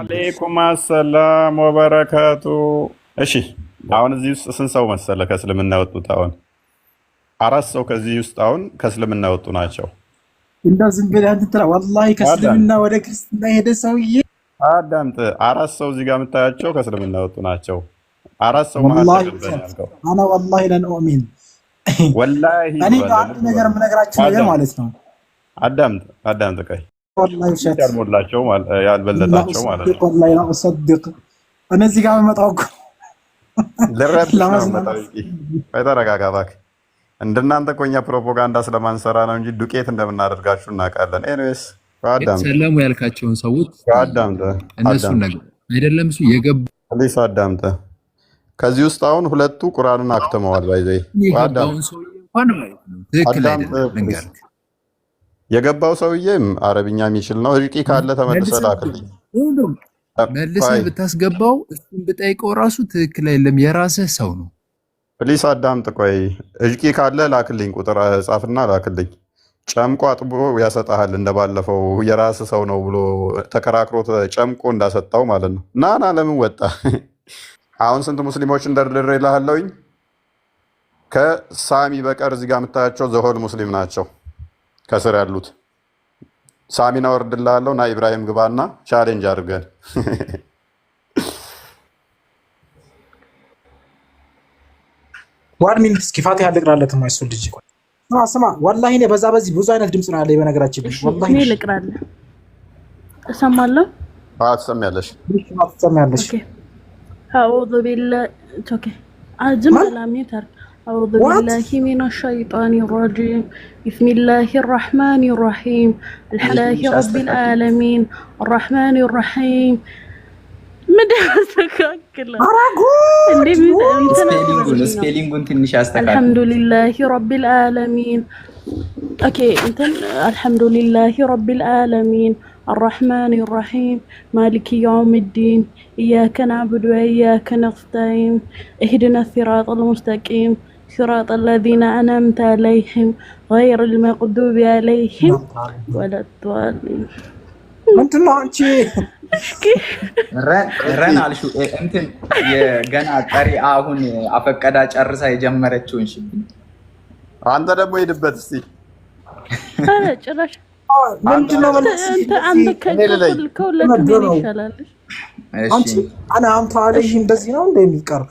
አሌይኩም አሰላም ወበረከቱ። እሺ አሁን እዚህ ውስጥ ስንት ሰው መሰለ ከእስልምና ወጡት አሁን አራት ሰው ከዚህ ውስጥ አሁን ከእስልምና ወጡ ናቸው። እንደው ዝም ብለህ እንትን ወላሂ ከእስልምና ወደ ክርስትና ሄደ ሰውዬ አዳምጥ። አራት ሰው እዚህ ጋር የምታያቸው ከእስልምና ወጡ ናቸው። አራት ሰው አና ወላሂ ለን ኡሚን ወላሂ እኔ አንድ ነገር የምነግራቸው ነገር ማለት ነው። አዳምጥ አዳምጥ ቀይ ያልሞላቸው ያልበለጣቸው ማለት ነው። ጋር ተረጋጋ እባክህ። እንደናንተ እኮ እኛ ፕሮፓጋንዳ ስለማንሰራ ነው እንጂ ዱቄት እንደምናደርጋችሁ እናውቃለን። ኤኒዌይስ ሰለሙ ያልካቸውን ሰዎች እነሱን ነገር አይደለም እሱ የገባ አዳምጠ ከዚህ ውስጥ አሁን ሁለቱ ቁርአንን አክትመዋል። ባይዘ የገባው ሰውዬም አረብኛ የሚችል ነው። እርቂ ካለ ተመልሰ ላክልኝ። መልሰህ ብታስገባው እሱን ብጠይቀው ራሱ ትክክል አይደለም። የራስህ ሰው ነው። ፕሊስ አዳምጥ። ቆይ እርቂ ካለ ላክልኝ፣ ቁጥር ጻፍና ላክልኝ። ጨምቆ አጥቦ ያሰጠሃል። እንደባለፈው የራስ ሰው ነው ብሎ ተከራክሮ ጨምቆ እንዳሰጣው ማለት ነው። ናና ለምን ወጣ? አሁን ስንት ሙስሊሞች እንደርድሬ ይልሃለውኝ። ከሳሚ በቀር እዚጋ የምታያቸው ዘሆል ሙስሊም ናቸው። ከስር ያሉት ሳሚና ወርድላለው ና ኢብራሂም ግባና ቻሌንጅ አድርገን ዋድ ሚኒት እስኪ ፋቲሃ ልቅራለት ማይሱ ልጅ ስማ ስማ፣ ወላሂ እኔ በዛ በዚህ ብዙ አይነት ድምፅ ነው ያለ። በነገራችን ላይ ወላሂ እኔ ልቅራለሁ እሰማለሁ። አዎ ትሰሚያለሽ፣ ትሰሚያለሽ። አውዙ ቢላ ኦኬ አጅም ሰላም ይተርክ أعوذ بالله من الشيطان الرجيم بسم الله الرحمن الرحيم الحلاه رب العالمين الرحمن الرحيم الحمد لله رب العالمين اوكي انت الحمد لله رب العالمين الرحمن الرحيم مالك يوم الدين إياك نعبد وإياك نستعين اهدنا الصراط المستقيم صراط الذين أنعمت عليهم غير المغضوب عليهم ولا الضالين ምንድን ነው አንቺ? ረን አልሽው። እንትን የገና ጠሪ አሁን አፈቀዳ ጨርሳ የጀመረችውን ሽብኝ አንተ ደግሞ ሄድበት እስኪ ጭራሽ ምንድን ነው ከሁለት ይሻላል። አንቺ አና አምታ አለሽ እንደዚህ ነው እንደሚቀርብ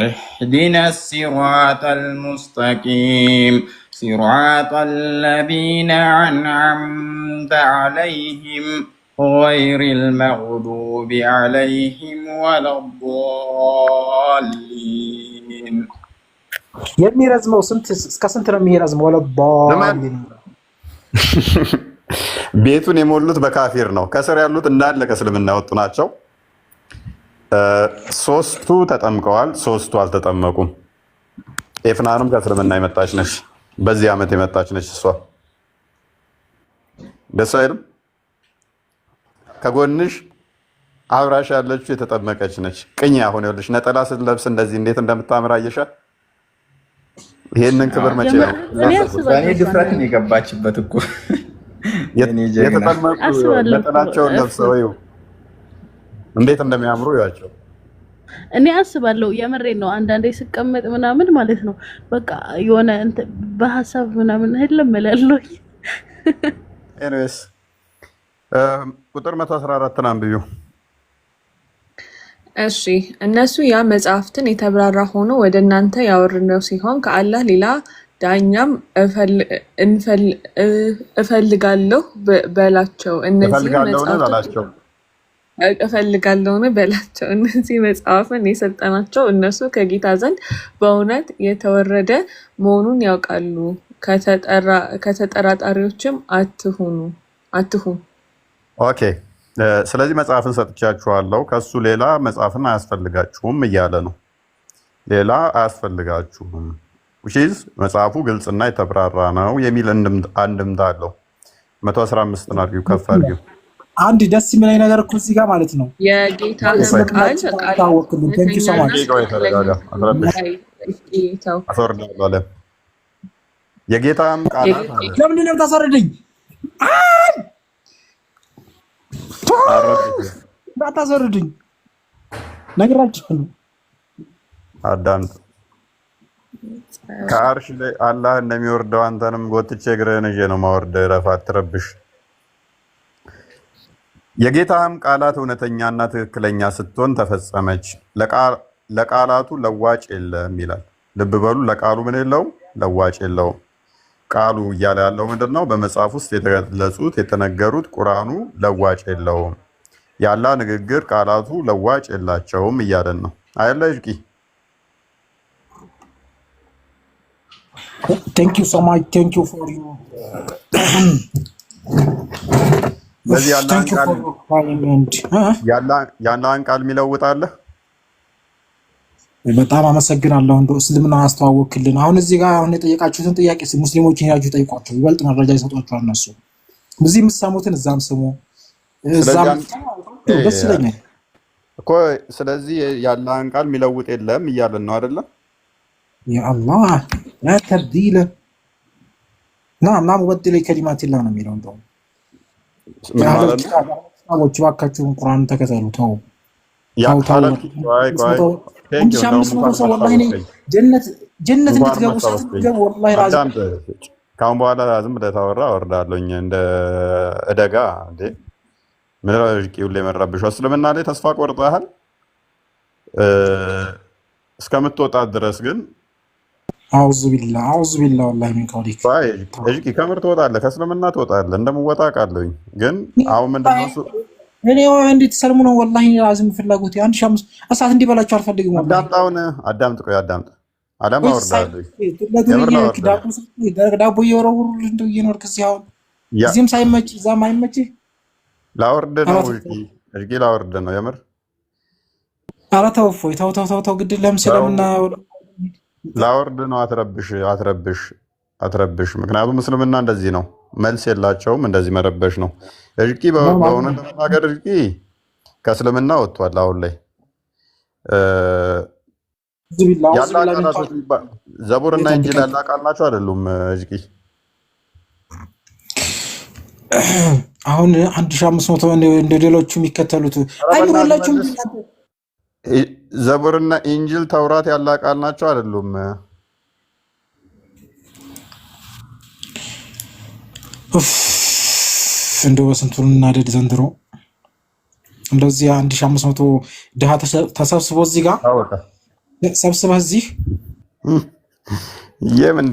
اهدنا الصراط المستقيم صراط الذين أنعمت عليهم غير المغضوب عليهم ولا الضالين የሚረዝመው ስንት እስከ ስንት ነው የሚረዝመው? ወለባሊን ቤቱን የሞሉት በካፊር ነው። ከስር ያሉት እንዳለ ከእስልምና ወጡ ናቸው። ሶስቱ ተጠምቀዋል፣ ሶስቱ አልተጠመቁም። ኤፍናንም ከእስልምና የመጣች ነች። በዚህ ዓመት የመጣች ነች። እሷ ደስ አይልም። ከጎንሽ አብራሽ ያለችው የተጠመቀች ነች። ቅኝ አሁን ይኸውልሽ፣ ነጠላ ስትለብስ እንደዚህ እንዴት እንደምታምር አየሻ። ይህንን ክብር መቼ ነው? እኔ ድፍረት ነው የገባችበት እኮ የተጠመቁ ነጠላቸውን ለብሰው እንዴት እንደሚያምሩ ያቸው እኔ አስባለሁ። የምሬን ነው። አንዳንዴ ስቀመጥ ምናምን ማለት ነው በቃ የሆነ በሀሳብ ምናምን ህልም እላለሁ። ኤኒዌይስ ቁጥር መቶ አስራ አራትን አንብዩ። እሺ እነሱ ያ መጽሐፍትን የተብራራ ሆኖ ወደ እናንተ ያወርነው ሲሆን ከአላህ ሌላ ዳኛም እፈልጋለሁ በላቸው እነዚህ ማወቅ እፈልጋለሁን በላቸው። እነዚህ መጽሐፍን የሰጠናቸው እነሱ ከጌታ ዘንድ በእውነት የተወረደ መሆኑን ያውቃሉ። ከተጠራጣሪዎችም አትሁኑ አትሁን። ኦኬ። ስለዚህ መጽሐፍን ሰጥቻችኋለሁ፣ ከሱ ሌላ መጽሐፍን አያስፈልጋችሁም እያለ ነው። ሌላ አያስፈልጋችሁም ሺዝ መጽሐፉ ግልጽና የተብራራ ነው የሚል አንድምታ አለው። መቶ አስራ አምስትን አድርጊው ከፍ አርጊው አንድ ደስ የሚለኝ ነገር እኮ እዚህ ጋር ማለት ነው የጌታ የጌታም ቃላት ለምንድን ነው የምታሳርደኝ? እንዳታሳርደኝ ነግራችኋለሁ። አዳምጥ። ከአርሽ ላይ አላህ እንደሚወርደው አንተንም ጎትቼ እግርህን ይዤ ነው ማወርድ። ረፋ አትረብሽ የጌታም ቃላት እውነተኛና ትክክለኛ ስትሆን ተፈጸመች፣ ለቃላቱ ለዋጭ የለም ይላል። ልብ በሉ፣ ለቃሉ ምን የለው ለዋጭ የለውም። ቃሉ እያለ ያለው ምንድን ነው? በመጽሐፍ ውስጥ የተገለጹት የተነገሩት ቁርአኑ ለዋጭ የለውም። ያላ ንግግር ቃላቱ ለዋጭ የላቸውም እያለን ነው አይለ እጅቂ ቴንክ ዩ ሶ ማች ቴንክ ዩ ፎር ዩ በዚህ ያለህን ቃል የሚለውጣለህ። በጣም አመሰግናለሁ። እንደ እስልምና አስተዋወክልን። አሁን እዚህ ጋር አሁን የጠየቃችሁትን ጥያቄ ሙስሊሞችን ሄዳችሁ ጠይቋቸው፣ ይበልጥ መረጃ ይሰጧቸዋል። እነሱ እዚህ የምትሰሙትን እዛም ስሙ፣ እዛም ደስ ይለኛል እኮ። ስለዚህ ያለህን ቃል የሚለውጥ የለም እያለን ነው አይደለም? የአላህ ተብዲለ ናም ናም ወድለ ከሊማት ላ ነው የሚለው እንደውም ሰዎች እባካችሁን ቁርአን ተከተሉ። ተው ጀነት ከአሁን በኋላ ዝም ብለህ ታወራ ወርዳለኝ እንደ እደጋ እንዴ ምድራቂ ሁላ እስልምና ላይ ተስፋ ቆርጠሃል እስከምትወጣት ድረስ ግን አውዝ ቢላ አውዝ ቢላ ወላሂ ሚን ቀውሊክ ከምር ትወጣለህ፣ ከእስልምና ትወጣለህ። እንደምወጣ ቃለኝ ግን አሁን ምንድን ነው እሱ እኔ እንዴት ሰልሙ ነው ወላሂ አዝም ፍላጎት አንድ ሺህ አምስት እሳት እንዲበላቸው አልፈልግም። አዳምጣውን አዳምጥ፣ ቆይ አዳምጥ። አዳም አወርዳለሁ ዳቦ እየወረውሩ እንደው እየኖርክ እዚህ አሁን እዚህም ሳይመች እዛም አይመችህ። ላወርድ ነው እጅጌ ላወርድ ነው የምር። ኧረ ተው እፎይ ተው ተው ተው ግድ ለምስለምና ላወርድ ነው። አትረብሽ አትረብሽ አትረብሽ። ምክንያቱም እስልምና እንደዚህ ነው፣ መልስ የላቸውም። እንደዚህ መረበሽ ነው። እርቂ በሆነ ለመናገር እርቂ ከእስልምና ወጥቷል። አሁን ላይ ዘቡርና እንጂል ያለ ቃል ናቸው አይደሉም? እርቂ አሁን አንድ ሺህ አምስት መቶ እንደ ሌሎቹ የሚከተሉት አይኖር ዘቡርና ኢንጅል ተውራት ያለ ቃል ናቸው አይደሉም? እንደ በስንቱን እናደድ ዘንድሮ እንደዚህ አንድ ሺህ አምስት መቶ ድሃ ተሰብስቦ እዚህ ጋር ሰብስበህ እዚህ የምን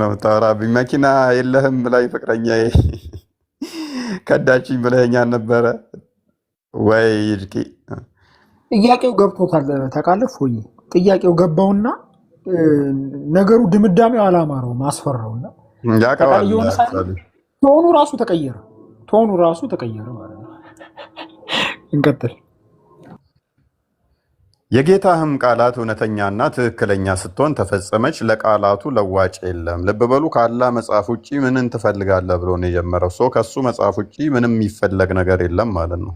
ነው የምታወራብኝ? መኪና የለህም ብላኝ ፍቅረኛ ከዳችኝ ብለኸኛል ነበረ ወይ ይድቂ ጥያቄው ገብቶታል። ተቃለፍ ፎይ ጥያቄው ገባውና ነገሩ ድምዳሜው አላማረውም፣ አስፈራውና ቶኑ ራሱ ተቀየረ። ቶኑ ራሱ ተቀየረ ማለት ነው። እንቀጥል። የጌታህም ቃላት እውነተኛና ትክክለኛ ስትሆን ተፈጸመች፣ ለቃላቱ ለዋጭ የለም። ልብ በሉ መጽሐፍ ውጭ ምንን ትፈልጋለህ ብሎ ነው የጀመረው ሰው። ከሱ መጽሐፍ ውጭ ምንም የሚፈለግ ነገር የለም ማለት ነው።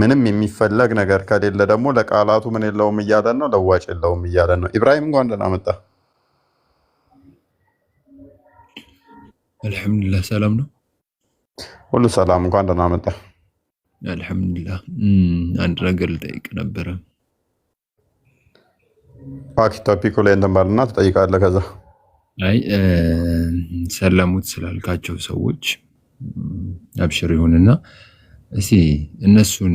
ምንም የሚፈለግ ነገር ከሌለ ደግሞ ለቃላቱ ምን የለውም እያለን ነው፣ ለዋጭ የለውም እያለን ነው። ኢብራሂም እንኳን ደህና መጣ። አልሐምዱሊላህ ሰላም ነው፣ ሁሉ ሰላም። እንኳን ደህና መጣ። አልሐምዱሊላህ። አንድ ነገር ልጠይቅ ነበረ። ፓክ ቶፒኩ ላይ እንትን ትጠይቃለ ትጠይቃለህ። ከዛ አይ ሰለሙት ስላልካቸው ሰዎች አብሽር ይሁንና እስቲ እነሱን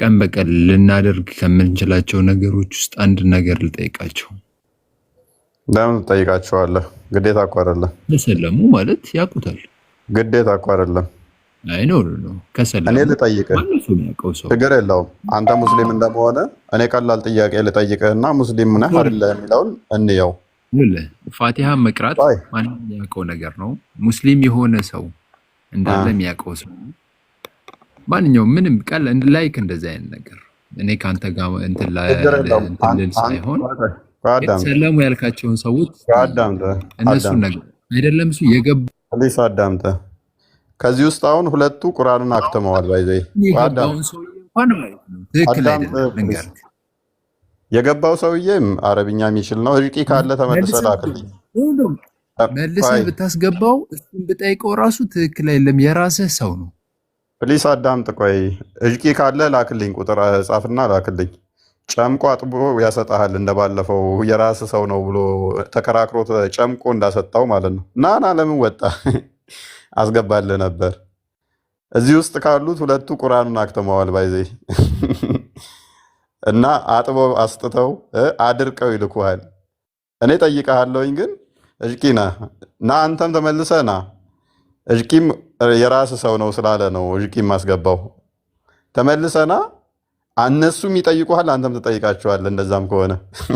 ቀን በቀን ልናደርግ ከምንችላቸው ነገሮች ውስጥ አንድ ነገር ልጠይቃቸው። ለምን ትጠይቃቸዋለህ? ግዴታ እኮ አይደለም። ለሰለሙ ማለት ያውቁታል። ግዴታ እኮ አይደለም። አይ ነው ነው ከሰለሙ እኔ ልጠይቅህ፣ ችግር የለውም። አንተ ሙስሊም እንደመሆነ እኔ ቀላል ጥያቄ ልጠይቅህ እና ሙስሊም ነህ አይደለህ የሚለውን እንየው። ፋቲሃ መቅራት ማንም የሚያውቀው ነገር ነው። ሙስሊም የሆነ ሰው እንዳለ የሚያውቀው ሰው ማንኛውም ምንም ቃል ላይክ እንደዚህ አይነት ነገር እኔ ከአንተ ጋር እንትን ልል ሳይሆን ሰለሙ ያልካቸውን ሰዎች እነሱን ነገር አይደለም እሱ የገባ አዳምተ ከዚህ ውስጥ አሁን ሁለቱ ቁርአንን አክትመዋል። ባይዘይ የገባው ሰውዬም አረብኛ የሚችል ነው። ሪቂ ካለ ተመልሰ ላክልኝ። መልሰህ ብታስገባው እሱን ብጠይቀው ራሱ ትክክል አይደለም። የራስህ ሰው ነው ፕሊስ አዳምጥ። ቆይ እልቂ ካለ ላክልኝ፣ ቁጥር ጻፍና ላክልኝ። ጨምቆ አጥቦ ያሰጣሃል። እንደባለፈው የራስ ሰው ነው ብሎ ተከራክሮ ጨምቆ እንዳሰጣው ማለት ነው። ናና ለምን ወጣ አስገባልህ ነበር። እዚህ ውስጥ ካሉት ሁለቱ ቁራኑን አክትመዋል ባይዜ እና አጥቦ አስጥተው አድርቀው ይልኩሃል። እኔ ጠይቀሃለውኝ ግን እጅቂ ና ና፣ አንተም ተመልሰ ና እጅቂም የራስ ሰው ነው ስላለ ነው እጅቂ የማስገባው። ተመልሰና እነሱም ይጠይቁሃል፣ አንተም ትጠይቃቸዋለህ። እንደዛም ከሆነ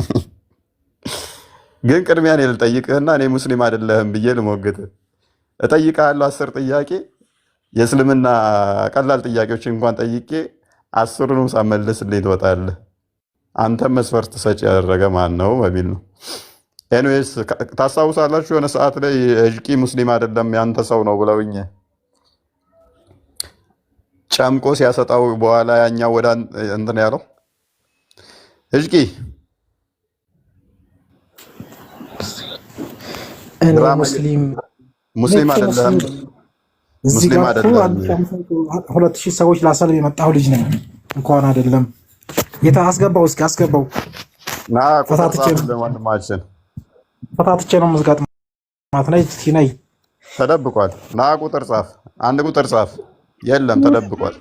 ግን ቅድሚያ እኔ ልጠይቅህና እኔ ሙስሊም አይደለህም ብዬ ልሞግት እጠይቅሃለሁ። አስር ጥያቄ የእስልምና ቀላል ጥያቄዎች እንኳን ጠይቄ አስሩንም ሳመልስልኝ ትወጣለህ። አንተም መስፈርት ሰጭ ያደረገ ማን ነው በሚል ነው። ኤንዌስ ታስታውሳላችሁ የሆነ ሰዓት ላይ እጅቂ ሙስሊም አይደለም ያንተ ሰው ነው ብለውኝ ጨምቆ ሲያሰጣው በኋላ ያኛው ወደ እንትን ያለው እጅቂ ሙስሊም አይደለም። ሙስሊም አይደለም። ሁለት ሺህ ሰዎች ላሰልብ የመጣሁ ልጅ ነኝ። እንኳን አይደለም ጌታ አስገባው፣ እስኪ አስገባው። ፈታትቼ ነው መዝጋት ማትነይ ሲነይ ተደብቋል። ና ቁጥር ጻፍ፣ አንድ ቁጥር ጻፍ የለም ተደብቋል።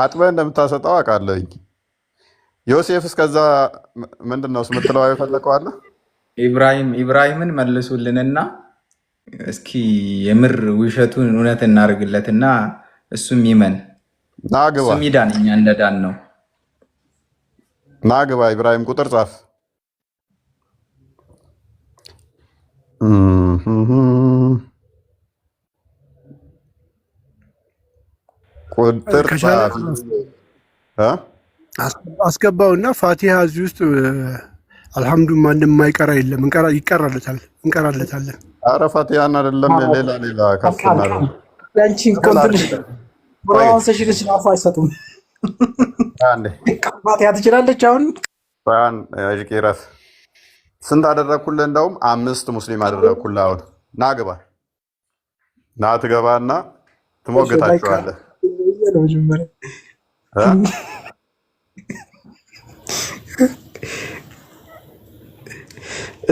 አጥበ እንደምታሰጠው አውቃለሁኝ። ዮሴፍ እስከዛ ምንድን ነው ስምትለው ኢብራሂም ኢብራሂምን መልሱልንና እስኪ የምር ውሸቱን እውነት እናደርግለትና እሱም ይመን እሱም ይዳን እኛ እንደዳን ነው። ናግባ ኢብራሂም ቁጥር ጻፍ ቁጥር አስገባውና ፋቲሃ እዚህ ውስጥ አልሐምዱ ማንም ማይቀራ የለም፣ ይቀራለታል፣ እንቀራለታለን። አረ ፋቲሃን አይደለም ሌላ ሌላ ካፍና ያንቺን አይሰጡም። ፋቲሃ ትችላለች አሁን ራን ያጅቂ ራስ ስንት አደረግኩልህ? እንደውም አምስት ሙስሊም አደረግኩልህ። አሁን ና ግባ፣ ና ትገባና ትሞግታችኋለህ።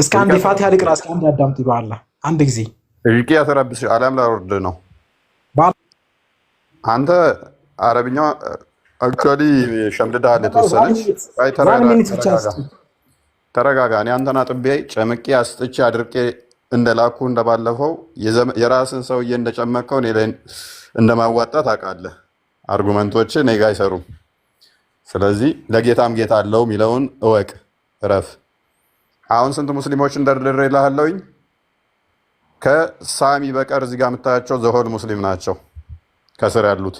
እስከ አንድ ፋቲሃ ልቅራ፣ እስከ አንድ አዳምጥ ይባላ አንድ ጊዜ ያተረብስ አለም ላወርድ ነው አንተ አረብኛው አክቹዋሊ ሸምድዳል የተወሰነች ተረጋጋ። እኔ አንተን አጥቤ ጨምቄ አስጥቼ አድርቄ እንደላኩ እንደባለፈው የራስን ሰውዬ እንደጨመቅከው እኔ ላይ እንደማዋጣት አውቃለህ። አርጉመንቶች እኔ ጋ አይሰሩም። ስለዚህ ለጌታም ጌታ አለው የሚለውን እወቅ፣ እረፍ። አሁን ስንት ሙስሊሞች እንደርድሬ እልሃለሁኝ። ከሳሚ በቀር እዚጋ የምታያቸው ዘሆል ሙስሊም ናቸው። ከስር ያሉት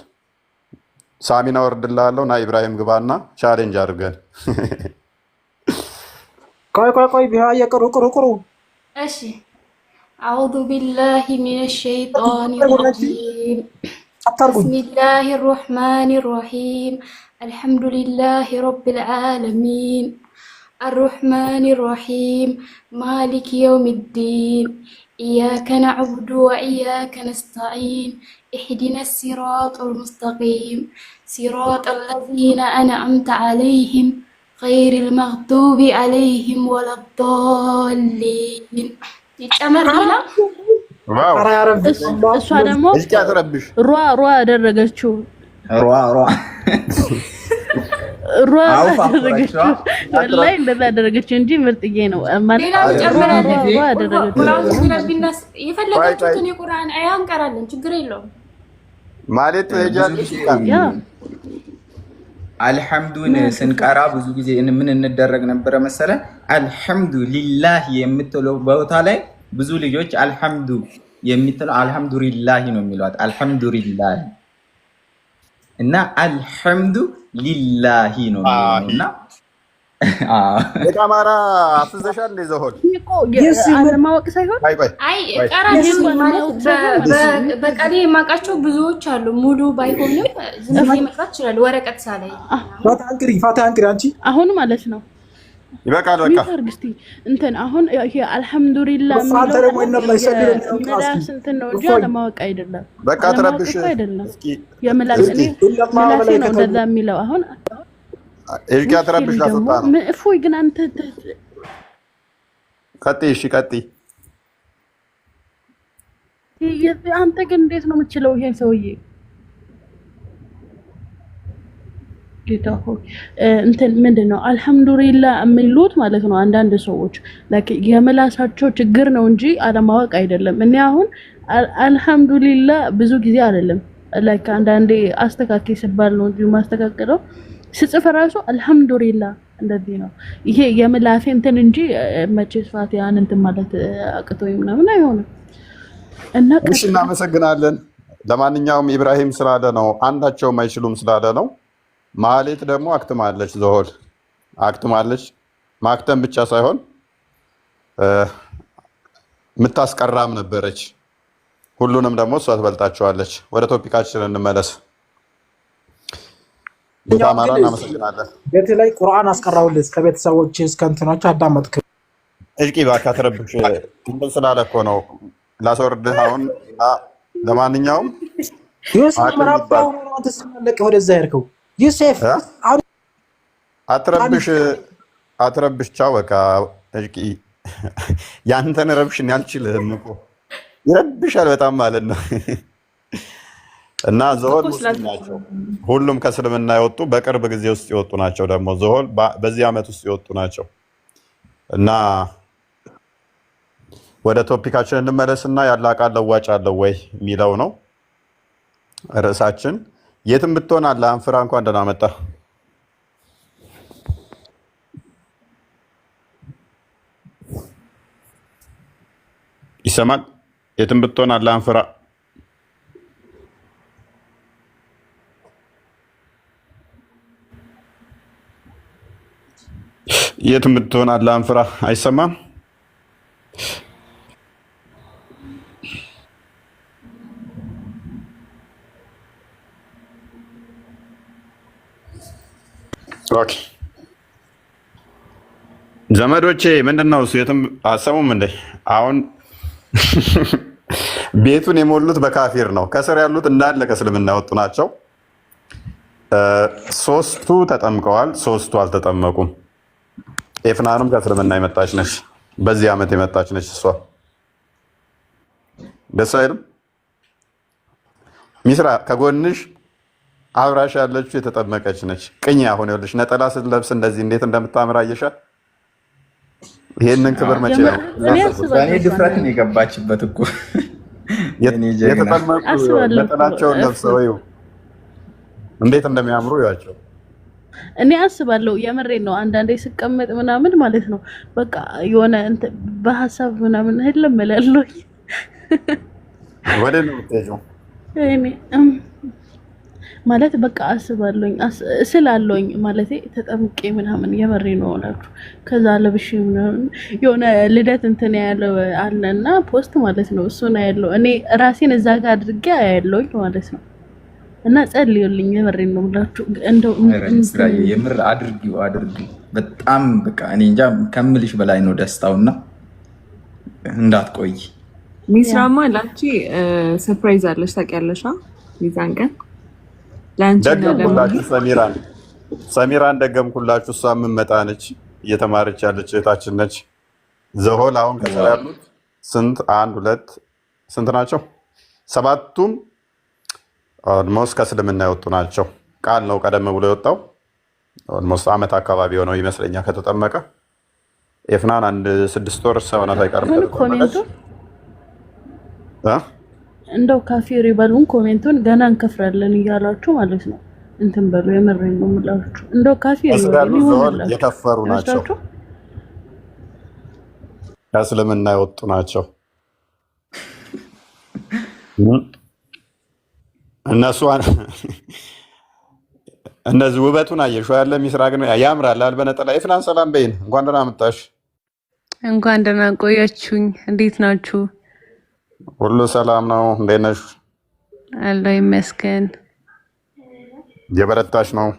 ሳሚን አወርድልሃለሁ። ና ኢብራሂም ግባና ቻሌንጅ አድርገን قوي قوي قوي يا كرو كرو كرو اشي أعوذ بالله من الشيطان الرجيم بسم الله الرحمن الرحيم الحمد لله رب العالمين الرحمن الرحيم مالك يوم الدين إياك نعبد وإياك نستعين اهدنا الصراط المستقيم صراط الذين أنعمت عليهم ገይር ልመግዱቢ አለይህም ወለዶሊን ይጨመር እሷ ደግሞ ሯ ሯ ያደረገችው ሯ ያደረገችው ወላሂ እንደዛ ያደረገችው እንጂ ምርጥዬ ነው። የፈለጋችሁትን የቁርአን አያ እንቀራለን፣ ችግር የለውም ማለት አልሐምዱን ስንቀራ ብዙ ጊዜ ምን እንደረግ ነበረ መሰለ፣ አልሐምዱ ሊላህ የምትለው ቦታ ላይ ብዙ ልጆች አልሐምዱ የምትለው አልሐምዱሊላሂ ነው የሚሏት። አልሐምዱሊላሂ እና አልሐምዱ ሊላህ ነው እና የጣማራ አፍዘሻል እንደ ዘሆን አለማወቅ ሳይሆን በቀሌ የማውቃቸው ብዙዎች አሉ። ሙሉ ባይሆንም ዝም መጥራት ይችላል። ወረቀት ሳላይ ፋታ አንቅሪ አንቺ አሁን ማለት ነው። ይበቃል። በቃ እስኪ እንትን አሁን ይሄ አልሐምዱሊላ ስንት ነው እንጂ አለማወቅ አይደለም። በቃ ትረብሽ አይደለም። የምላስ ነው እንደዛ የሚለው አሁን ኤርጋ ተረብሽ ላስወጣ ነው። እፎይ ግን አንተ ቀጥይ፣ እሺ ቀጥይ። አንተ ግን እንዴት ነው የምችለው ይሄን ሰውዬ? ጌታ ሆይ እንትን ምንድን ነው አልሐምዱሊላ የሚሉት ማለት ነው። አንዳንድ ሰዎች የምላሳቸው ችግር ነው እንጂ አለማወቅ አይደለም። እኔ አሁን አልሐምዱሊላ ብዙ ጊዜ አይደለም ላይክ አንዳንዴ አስተካክል ሲባል ነው እንጂ ማስተካክለው ስጽፍ ራሱ አልሐምዱሊላ እንደዚህ ነው። ይሄ የምላሴ እንትን እንጂ መቼ ፋቲያን እንትን ማለት አቅቶ ምናምን አይሆንም። እና እሺ፣ እናመሰግናለን። ለማንኛውም ኢብራሂም ስላለ ነው አንዳቸውም አይችሉም ስላለ ነው። ማሌት ደግሞ አክትማለች፣ ዘሆል አክትማለች። ማክተም ብቻ ሳይሆን የምታስቀራም ነበረች። ሁሉንም ደግሞ እሷ ትበልጣቸዋለች። ወደ ቶፒካችን እንመለስ። ቤት ላይ ቁርአን አስቀራሁልህ እስከ ቤተሰቦች እስከ እንትኖች አዳመጥክ። እሽቂ እባክህ አትረብሽ። እንትን ስላለ እኮ ነው ላስወርድህ። አሁን ለማንኛውም ስመለቀ ወደዛ ሄድከው ዩሴፍ አትረብሽ፣ አትረብሽ። ቻው በቃ እሽቂ። ያንተን ረብሽን ያልችልህም እኮ ይረብሻል በጣም ማለት ነው። እና ዘሆል ሙስሊም ናቸው። ሁሉም ከእስልምና የወጡ በቅርብ ጊዜ ውስጥ የወጡ ናቸው። ደግሞ ዘሆል በዚህ ዓመት ውስጥ የወጡ ናቸው። እና ወደ ቶፒካችን እንመለስና ያለ አቃል ለዋጭ አለው ወይ የሚለው ነው ርዕሳችን። የትም ብትሆን አለ አንፍራ። እንኳን ደህና መጣ። ይሰማል። የትም ብትሆን አለ አንፍራ የት ብትሆን አላህን ፍራ አይሰማም። ዘመዶቼ ምንድን ነው እሱ? የትም አሰሙም እንዴ? አሁን ቤቱን የሞሉት በካፊር ነው። ከስር ያሉት እንዳለ ከእስልምና ወጡ ናቸው። ሶስቱ ተጠምቀዋል፣ ሶስቱ አልተጠመቁም። ኤፍናንም ከእስልምና የመጣች ነች። በዚህ ዓመት የመጣች ነች። እሷ ደስ አይልም። ሚስራ ከጎንሽ አብራሽ ያለችው የተጠመቀች ነች። ቅኝ አሁን ይኸውልሽ ነጠላ ስትለብስ እንደዚህ እንዴት እንደምታምር አየሻ። ይህንን ክብር መቼ ነው? እኔ ድፍረት ነው የገባችበት እኮ የተጠመቁ ነጠላቸውን ለብሰው እንዴት እንደሚያምሩ ያቸው እኔ አስባለሁ። የምሬን ነው። አንዳንዴ ስቀመጥ ምናምን ማለት ነው በቃ የሆነ በሀሳብ ምናምን ህልም እላለሁ። ወደ ማለት በቃ አስባለኝ ስላለሁኝ ማለት ተጠምቄ ምናምን የመሬ ነው ሆናችሁ ከዛ ለብሽ ምናምን የሆነ ልደት እንትን ያለው አለና ፖስት ማለት ነው እሱን ያለው እኔ ራሴን እዛ ጋር አድርጌ ያለውኝ ማለት ነው። እና ጸልዩልኝ። የምሬን ነው ብላችሁ እንደው የምር አድርጊው አድርጊው። በጣም በቃ እኔ እንጃ ከምልሽ በላይ ነው ደስታውና እንዳትቆይ ሚስራማ ላንቺ ሰርፕራይዝ አለሽ ታውቂያለሽ። ሚዛን ቀን ደገምኩላችሁ። ሰሚራን ሰሚራን ደገምኩላችሁ። እሷ የምመጣ ነች፣ እየተማረች ያለች እህታችን ነች። ዘሆል አሁን ከስራ ያሉት ስንት አንድ ሁለት ስንት ናቸው? ሰባቱም ኦልሞስት ከእስልምና የወጡ ናቸው። ቃል ነው ቀደም ብሎ የወጣው ኦልሞስት አመት አካባቢ የሆነው ይመስለኛ ከተጠመቀ። ኤፍናን አንድ ስድስት ወር ሰውነት አይቀርም እንደው ካፊር ይበሉን ኮሜንቱን ገና እንከፍራለን እያላችሁ ማለት ነው። እንትን በሉ የመረኝ ነው የምላችሁ። እንደው ካፊር የከፈሩ ናቸው፣ ከእስልምና የወጡ ናቸው። እነሱ እነዚህ ውበቱን አየሽ ያለ ሚስራቅ ያምራል። አልበነጠላ የፍናን ሰላም በይን። እንኳን ደህና መጣሽ። እንኳን ደህና ቆያችሁኝ። እንዴት ናችሁ? ሁሉ ሰላም ነው? እንዴት ነሽ? አለሁ ይመስገን። የበረታሽ ነው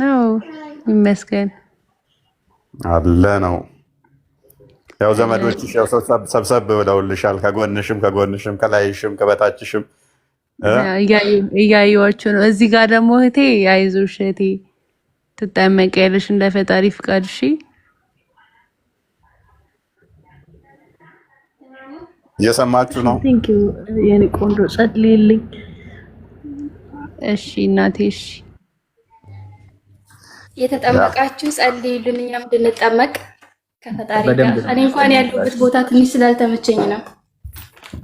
ነው? ይመስገን አለ ነው። ያው ዘመዶችሽ ያው ሰብሰብ ብለውልሻል፣ ከጎንሽም ከጎንሽም ከላይሽም ከበታችሽም እያየኋቸው ነው። እዚህ ጋር ደግሞ እህቴ አይዞሽ እህቴ ትጠመቂያለሽ እንደ ፈጣሪ ፍቃድ። እሺ እየሰማችሁ ነው። ቴንክ የኔ ቆንጆ ጸልይልኝ። እሺ እናቴ እሺ። የተጠመቃችሁ ጸልይልን፣ እኛም እንድንጠመቅ ከፈጣሪ ጋር። እኔ እንኳን ያለሁበት ቦታ ትንሽ ስላልተመቸኝ ነው።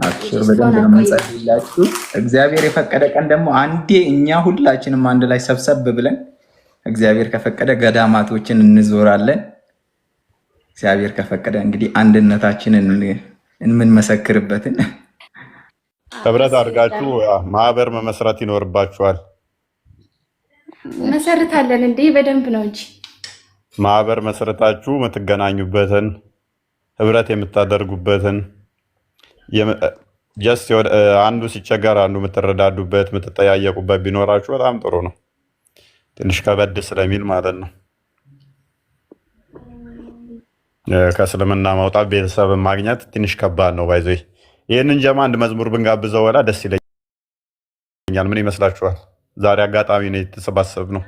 አክሽር በደንብ ነው የምንጸልይላችሁ። እግዚአብሔር የፈቀደ ቀን ደግሞ አንዴ እኛ ሁላችንም አንድ ላይ ሰብሰብ ብለን እግዚአብሔር ከፈቀደ ገዳማቶችን እንዞራለን። እግዚአብሔር ከፈቀደ እንግዲህ አንድነታችንን የምንመሰክርበትን ህብረት አድርጋችሁ ማህበር መመስረት ይኖርባችኋል። መሰርታለን እንዴ? በደንብ ነው እንጂ ማህበር መሰረታችሁ የምትገናኙበትን ህብረት የምታደርጉበትን ጀስት አንዱ ሲቸገር አንዱ የምትረዳዱበት የምትጠያየቁበት ቢኖራችሁ በጣም ጥሩ ነው። ትንሽ ከበድ ስለሚል ማለት ነው። ከእስልምና መውጣት ቤተሰብ ማግኘት ትንሽ ከባድ ነው። ባይዘ ይህንን ጀማ አንድ መዝሙር ብንጋብዘው ወላ ደስ ይለኛል። ምን ይመስላችኋል? ዛሬ አጋጣሚ ነው የተሰባሰብ ነው።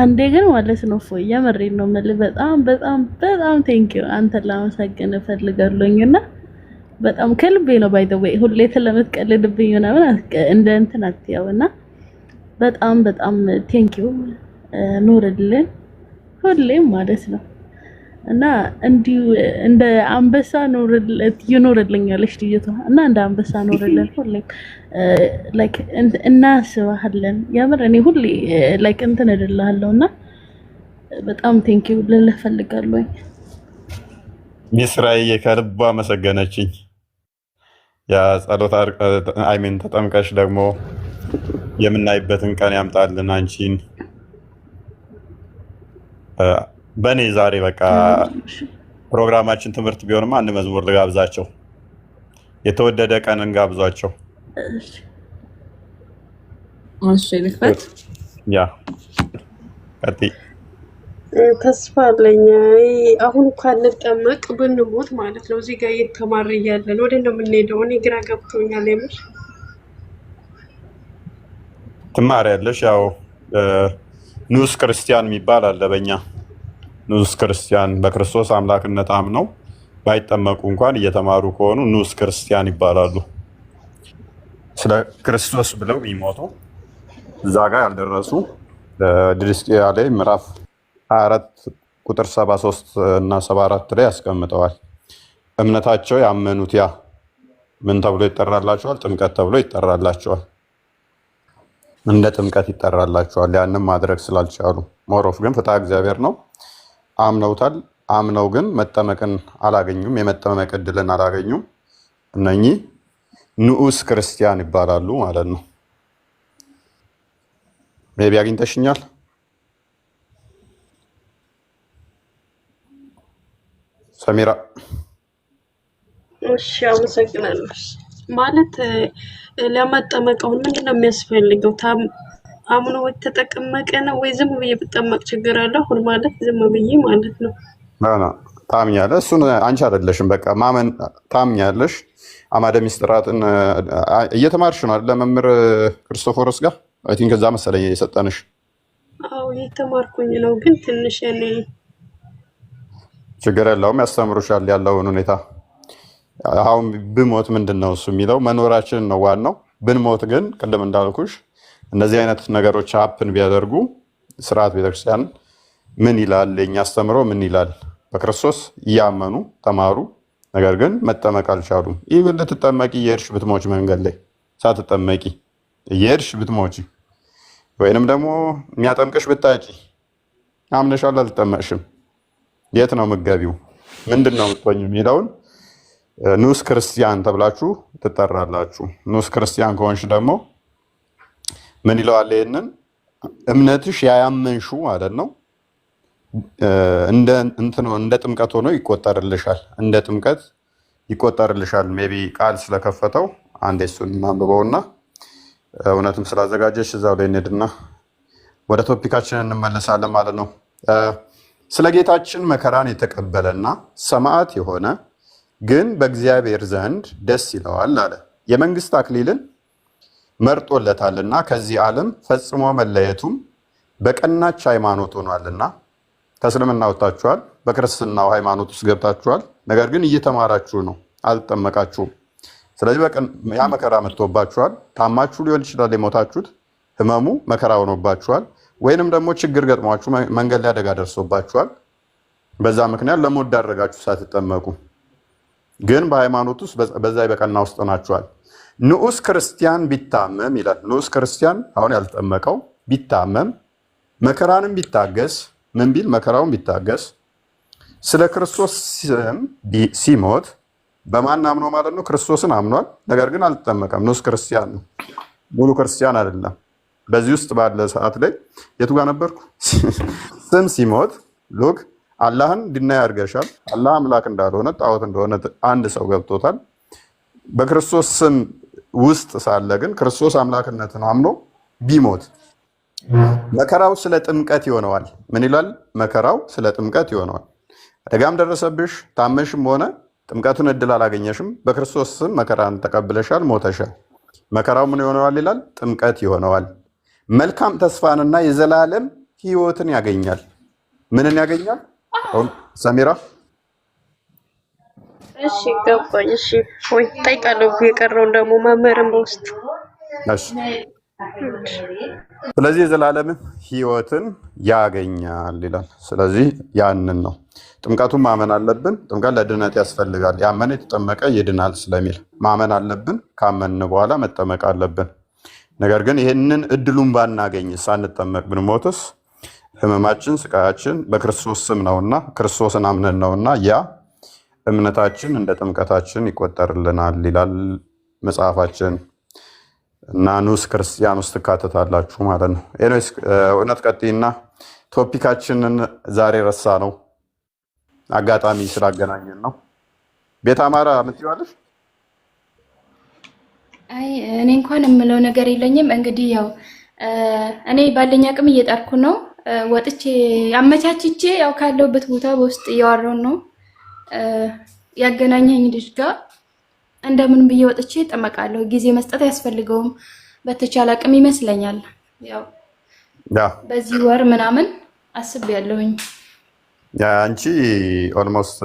አንዴ ግን ማለት ነው ፎ የምሬን ነው የምልህ በጣም በጣም በጣም ቴንኪው አንተን ላመሰግን እፈልጋለሁኝና በጣም ከልቤ ነው። ባይ ዘ ዌይ ሁሌ ስለምትቀልድብኝ ምናምን እንደ እንትን አትያው እና በጣም በጣም ዩ ኖርልን ሁሌም ማለት ነው እና እንዲሁ እንደ አንበሳ ይኖርልኛለች ልጅቷ እና እንደ አንበሳ ኖርልን ሁሌም ላይክ እናስባሃለን። የምር እኔ ሁሌ ላይክ እንትን እድልሃለሁ እና በጣም ቴንኪው ልልህ እፈልጋለሁ። ሚስራዬ ከልባ አመሰገነችኝ። የጸሎት አይሜን ተጠምቀሽ ደግሞ የምናይበትን ቀን ያምጣልን። አንቺን በእኔ ዛሬ በቃ ፕሮግራማችን ትምህርት ቢሆንም አንድ መዝሙር ልጋብዛቸው፣ የተወደደ ቀን እንጋብዟቸው። ያ ቀጥይ ተስፋ አለኝ። አሁን እንኳን እንጠመቅ ብንሞት ማለት ነው። እዚህ ጋር እየተማረ እያለን ወደ ነው የምንሄደው። እኔ ግራ ገብቶኛል። የምር ትማሪያለሽ። ያው ንዑስ ክርስቲያን የሚባል አለ በእኛ ንዑስ ክርስቲያን በክርስቶስ አምላክነት አምነው ባይጠመቁ እንኳን እየተማሩ ከሆኑ ንዑስ ክርስቲያን ይባላሉ። ስለ ክርስቶስ ብለው የሚሞቱ እዛ ጋር ያልደረሱ ድርስቅያ ላይ ምዕራፍ 24 ቁጥር 73 እና 74 ላይ ያስቀምጠዋል። እምነታቸው ያመኑት ያ ምን ተብሎ ይጠራላቸዋል? ጥምቀት ተብሎ ይጠራላቸዋል። እንደ ጥምቀት ይጠራላቸዋል። ያንም ማድረግ ስላልቻሉ ሞሮፍ ግን ፍትሐ እግዚአብሔር ነው። አምነውታል። አምነው ግን መጠመቅን አላገኙም። የመጠመቅ እድልን አላገኙም። እነኚህ ንዑስ ክርስቲያን ይባላሉ ማለት ነው። ሜቢ አግኝተሽኛል። ሰሜራ እሺ፣ አመሰግናለሁ። ማለት ለመጠመቅ አሁን ምንድን ነው የሚያስፈልገው? አምኖ ወይ ተጠቀመቀ ነው ወይ ዝም ብዬ ብጠመቅ ችግር አለ? አሁን ማለት ዝም ብዬ ማለት ነው ና ታምኛለህ። እሱን አንቺ አይደለሽም። በቃ ማመን ታምኛለሽ። አማደ ሚስጥራትን እየተማርሽ ነው አይደል? መምህር ክርስቶፎሮስ ጋር አይ ቲንክ እዛ መሰለኝ የሰጠንሽ። አዎ እየተማርኩኝ ነው፣ ግን ትንሽ ያኔ ችግር የለውም። ያስተምሩሻል ያለውን ሁኔታ። አሁን ብሞት ምንድን ነው እሱ የሚለው መኖራችንን ነው ዋናው። ብንሞት ግን ቅድም እንዳልኩሽ እነዚህ አይነት ነገሮች ሀፕን ቢያደርጉ ስርዓት ቤተክርስቲያን ምን ይላል? የኛ አስተምሮ ምን ይላል? በክርስቶስ እያመኑ ተማሩ፣ ነገር ግን መጠመቅ አልቻሉም። ይህ ልትጠመቂ የእርሽ ብትሞች መንገድ ላይ ሳትጠመቂ የእርሽ ብትሞች ወይንም ደግሞ የሚያጠምቅሽ ብታጪ አምነሻል፣ አልጠመቅሽም የት ነው መጋቢው፣ ምንድን ነው የሚለውን ንዑስ ክርስቲያን ተብላችሁ ትጠራላችሁ። ንዑስ ክርስቲያን ከሆንሽ ደግሞ ምን ይለዋል? ይህንን እምነትሽ ያያመንሹ ማለት ነው እንደ ጥምቀት ሆኖ ይቆጠርልሻል። እንደ ጥምቀት ይቆጠርልሻል። ሜይ ቢ ቃል ስለከፈተው አንዴ እሱን እናንብበውና እውነትም ስላዘጋጀች እዛው ላይ እንሄድና ወደ ቶፒካችን እንመለሳለን ማለት ነው። ስለ ጌታችን መከራን የተቀበለና ሰማዕት የሆነ ግን በእግዚአብሔር ዘንድ ደስ ይለዋል አለ። የመንግስት አክሊልን መርጦለታልና ከዚህ ዓለም ፈጽሞ መለየቱም በቀናች ሃይማኖት ሆኗልና። ከእስልምና ወጥታችኋል፣ በክርስትናው ሃይማኖት ውስጥ ገብታችኋል። ነገር ግን እየተማራችሁ ነው፣ አልጠመቃችሁም። ስለዚህ ያ መከራ መጥቶባችኋል። ታማችሁ ሊሆን ይችላል የሞታችሁት። ህመሙ መከራ ሆኖባችኋል። ወይንም ደግሞ ችግር ገጥሟችሁ መንገድ ላይ አደጋ ደርሶባችኋል። በዛ ምክንያት ለሞት ዳረጋችሁ ሳትጠመቁ፣ ግን በሃይማኖት ውስጥ በዛ በቀና ውስጥ ናችኋል። ንዑስ ክርስቲያን ቢታመም ይላል። ንዑስ ክርስቲያን አሁን ያልተጠመቀው ቢታመም መከራንም ቢታገስ ምን ቢል መከራውን ቢታገስ ስለ ክርስቶስ ስም ሲሞት በማን አምኖ ማለት ነው? ክርስቶስን አምኗል። ነገር ግን አልተጠመቀም። ንዑስ ክርስቲያን ነው፣ ሙሉ ክርስቲያን አይደለም። በዚህ ውስጥ ባለ ሰዓት ላይ የቱ ጋር ነበርኩ? ስም ሲሞት ሉክ አላህን ድና ያርገሻል አላህ አምላክ እንዳልሆነ ጣዖት እንደሆነ አንድ ሰው ገብቶታል። በክርስቶስ ስም ውስጥ ሳለ ግን ክርስቶስ አምላክነትን አምኖ ቢሞት መከራው ስለ ጥምቀት ይሆነዋል። ምን ይላል? መከራው ስለ ጥምቀት ይሆነዋል። አደጋም ደረሰብሽ፣ ታመሽም ሆነ ጥምቀቱን እድል አላገኘሽም። በክርስቶስ ስም መከራን ተቀብለሻል፣ ሞተሻል። መከራው ምን ይሆነዋል ይላል? ጥምቀት ይሆነዋል። መልካም ተስፋንና የዘላለም ህይወትን ያገኛል። ምንን ያገኛል? አሁን ሰሚራ እሺ ገባኝ። እሺ ወይ ጠይቃለሁ። የቀረውን ደግሞ መምህርን በውስጥ እሺ። ስለዚህ የዘላለም ህይወትን ያገኛል ይላል። ስለዚህ ያንን ነው ጥምቀቱን ማመን አለብን። ጥምቀት ለድነት ያስፈልጋል። ያመነ የተጠመቀ ይድናል ስለሚል ማመን አለብን። ካመን በኋላ መጠመቅ አለብን። ነገር ግን ይህንን እድሉን ባናገኝ ሳንጠመቅ ብንሞትስ ህመማችን ስቃያችን በክርስቶስ ስም ነውና ክርስቶስን አምነን ነውና ያ እምነታችን እንደ ጥምቀታችን ይቆጠርልናል ይላል መጽሐፋችን። እና ኑስ ክርስቲያን ውስጥ ትካተታላችሁ ማለት ነው። ኤኖስ እውነት ቀጥይና፣ ቶፒካችንን ዛሬ ረሳ ነው። አጋጣሚ ስላገናኘን ነው። ቤት አማራ ምትይዋለሽ? አይ እኔ እንኳን የምለው ነገር የለኝም። እንግዲህ ያው እኔ ባለኝ አቅም እየጠርኩ ነው። ወጥቼ አመቻችቼ ያው ካለሁበት ቦታ በውስጥ እያወራሁ ነው ያገናኘኝ ልጅ ጋር እንደምን ብዬ ወጥቼ እጠመቃለሁ። ጊዜ መስጠት አያስፈልገውም። በተቻለ አቅም ይመስለኛል ያው በዚህ ወር ምናምን አስብ ያለሁኝ አንቺ ኦልሞስት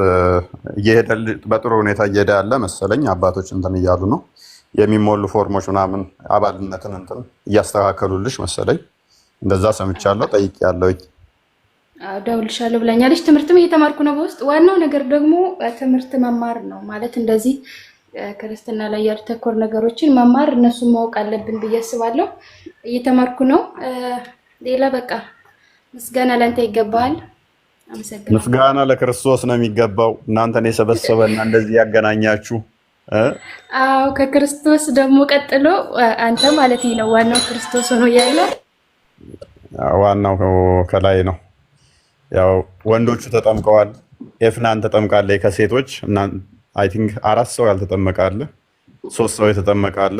እየሄደ በጥሩ ሁኔታ እየሄደ ያለ መሰለኝ። አባቶች እንትን እያሉ ነው የሚሞሉ ፎርሞች ምናምን አባልነትን እንትን እያስተካከሉልሽ መሰለኝ። እንደዛ ሰምቻለሁ። ያለው ደውልሻለሁ ብላኛለች። ትምህርትም እየተማርኩ ነው በውስጥ። ዋናው ነገር ደግሞ ትምህርት መማር ነው ማለት እንደዚህ ክርስትና ላይ ያልተኮር ነገሮችን መማር እነሱን ማወቅ አለብን ብዬ አስባለሁ። እየተማርኩ ነው። ሌላ በቃ ምስጋና ለአንተ ይገባሃል። ምስጋና ለክርስቶስ ነው የሚገባው። እናንተን የሰበሰበና እንደዚህ ያገናኛችሁ አዎ ከክርስቶስ ደግሞ ቀጥሎ አንተ ማለት ነው። ዋናው ክርስቶስ ሆኖ ያለው ዋናው ከላይ ነው። ያው ወንዶቹ ተጠምቀዋል። ኤፍናን ተጠምቃለ። ከሴቶች አይ ቲንክ አራት ሰው ያልተጠመቃለ፣ ሶስት ሰው የተጠመቃለ።